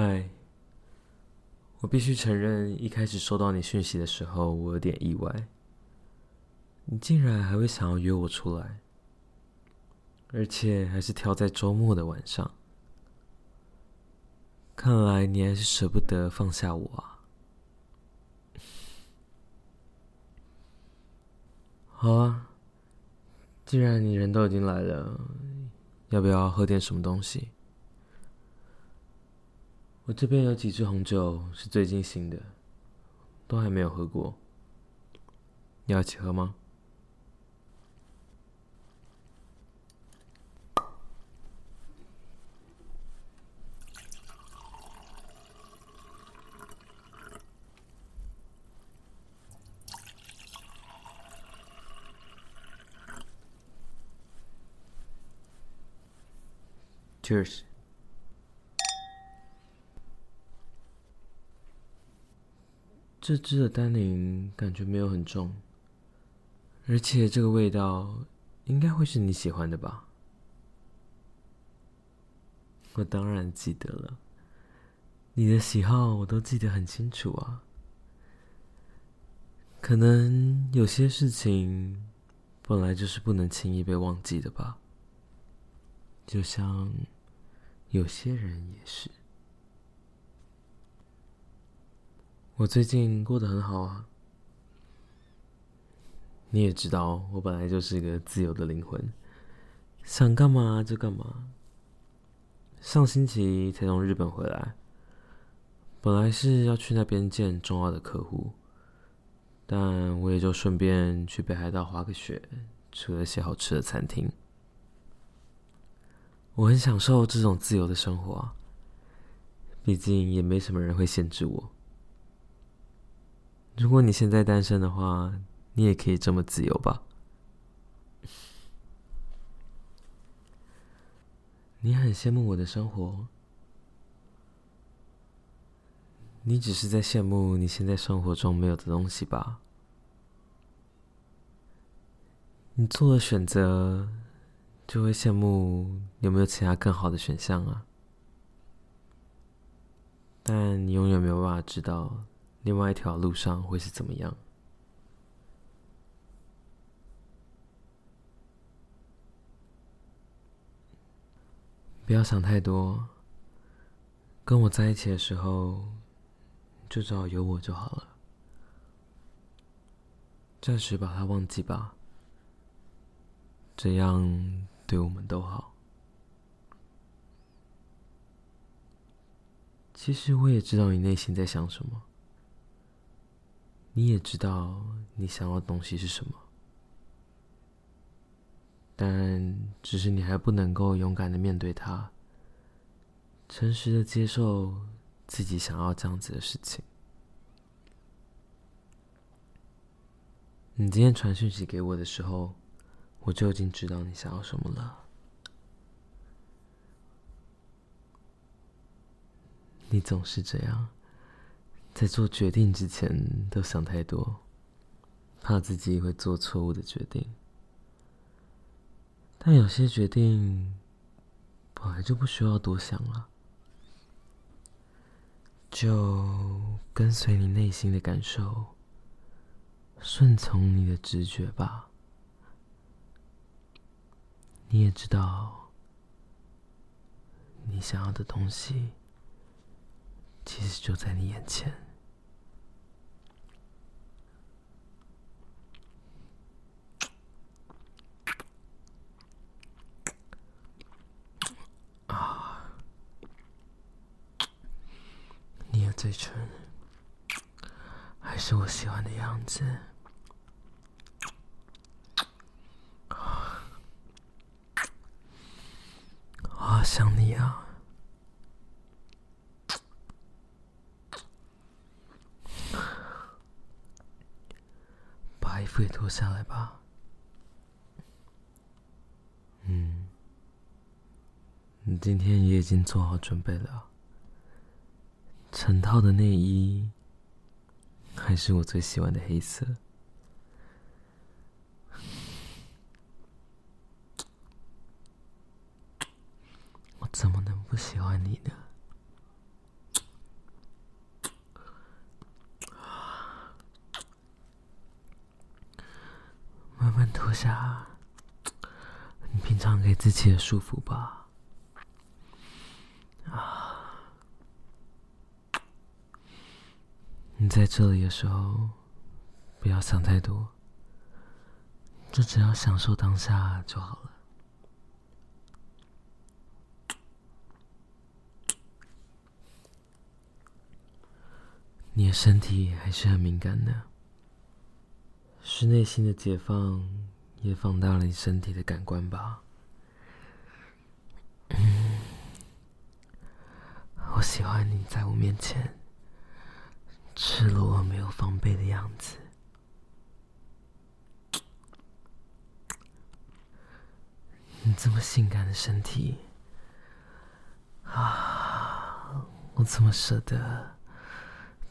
嗨。Hi，我必須承認，一開始收到你訊息的時候，我有點意外。你竟然還會想要約我出來，而且還是挑在周末的晚上，看來你還是捨不得放下我啊。好啊，既然你人都已經來了，要不要喝點什麼東西？我這邊有幾支紅酒是最近新的，都還沒有喝過，你要一起喝嗎？Cheers。這支的丹寧感覺沒有很重，而且這個味道應該會是你喜歡的吧？我當然記得了，你的喜好我都記得很清楚啊。可能有些事情本來就是不能輕易被忘記的吧，就像有些人也是。我最近過得很好啊，你也知道，我本來就是一個自由的靈魂，想幹嘛就幹嘛。上星期才從日本回來，本來是要去那邊見重要的客戶，但我也就順便去北海道滑個雪，吃了些好吃的餐廳。我很享受這種自由的生活啊，畢竟也沒什麼人會限制我。如果你現在單身的話，你也可以這麼自由吧？你很羨慕我的生活，你只是在羨慕你現在生活中沒有的東西吧？你做了選擇，就會羨慕有沒有其他更好的選項啊。但你永遠沒有辦法知道。另外一條路上會是怎麼樣？不要想太多。跟我在一起的時候，就只要有我就好了。暫時把他忘記吧，這樣對我們都好。其實我也知道你內心在想什麼。你也知道你想要的東西是什麼，但只是你還不能夠勇敢的面對它，誠實的接受自己想要這樣子的事情。你今天傳訊息給我的時候，我就已經知道你想要什麼了。你總是這樣。在做決定之前都想太多，怕自己會做錯誤的決定。但有些決定本來就不需要多想了，就跟隨你內心的感受，順從你的直覺吧。你也知道，你想要的東西其實就在你眼前。嘴唇還是我喜歡的樣子，我好想你啊！把衣服也脫下來吧。嗯，你今天也已經做好準備了。整套的內衣，還是我最喜歡的黑色。我怎麼能不喜歡你呢？慢慢脫下，你平常給自己的束縛吧。你在這裡的時候，不要想太多，就只要享受當下就好了。你的身體還是很敏感的，是內心的解放，也放大了你身體的感官吧？嗯，我喜歡你在我面前。赤裸而沒有防備的樣子，你這麼性感的身體啊，我怎麼捨得？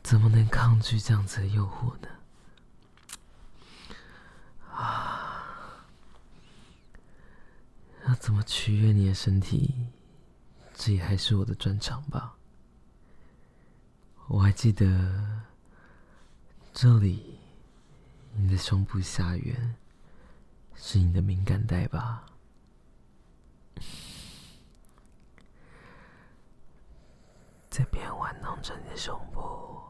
怎麼能抗拒這樣子的誘惑呢？啊，要怎麼取悅你的身體，這也還是我的專長吧。我還記得，這裡，你的胸部下緣，是你的敏感帶吧？在邊玩弄着你的胸部，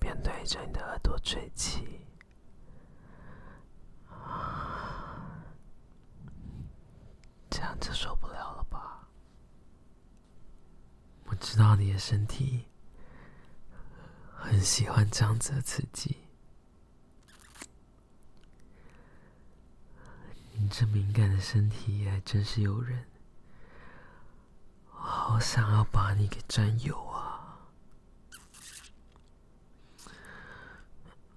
邊對着你的耳朵吹氣，這樣就受不了了吧？我知道你的身體。很喜歡這樣子的刺激，你這敏感的身體還真是誘人，好想要把你給佔有啊！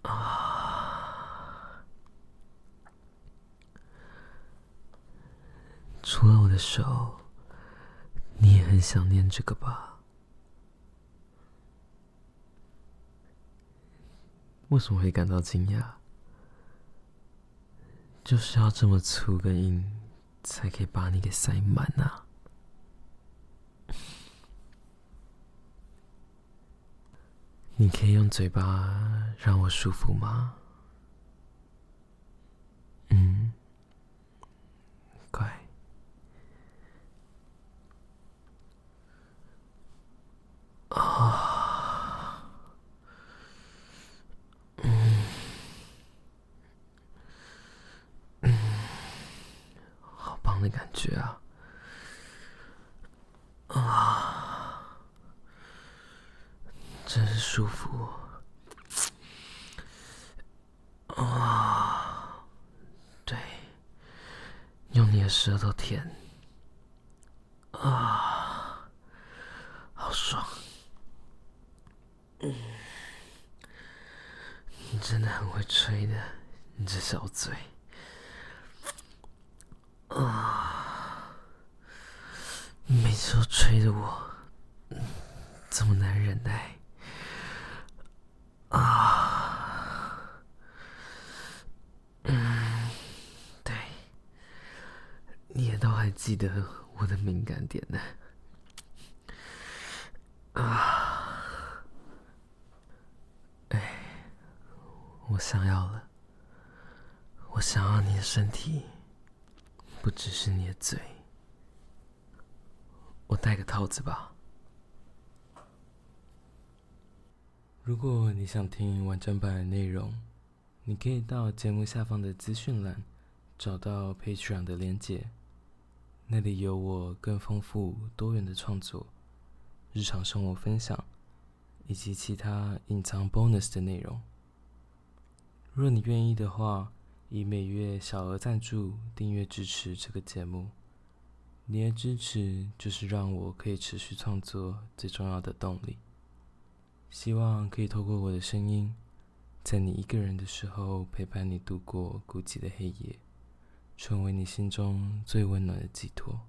啊，除了我的手，你也很想念這個吧？為什麼會感到驚訝？就是要這麼粗跟硬，才可以把你給塞滿啊！你可以用嘴巴讓我舒服嗎？的感覺啊，啊，真是舒服，啊，對，用你的舌頭舔，啊，好爽，嗯，你真的很會吹的，你這小嘴。追着我，這麼難忍耐啊！嗯，對，你也都還記得我的敏感點呢。啊。啊，哎，我想要了，我想要你的身體，不只是你的嘴。我戴個套子吧。如果你想聽完整版的內容，你可以到節目下方的資訊欄找到 Patreon 的鏈接，那裡有我更豐富多元的創作、日常生活分享以及其他隱藏 bonus 的內容。若你願意的話，以每月小額贊助訂閱支持這個節目。你的支持就是讓我可以持續創作最重要的動力。希望可以透過我的聲音，在你一個人的時候陪伴你度過孤寂的黑夜，成為你心中最溫暖的寄托。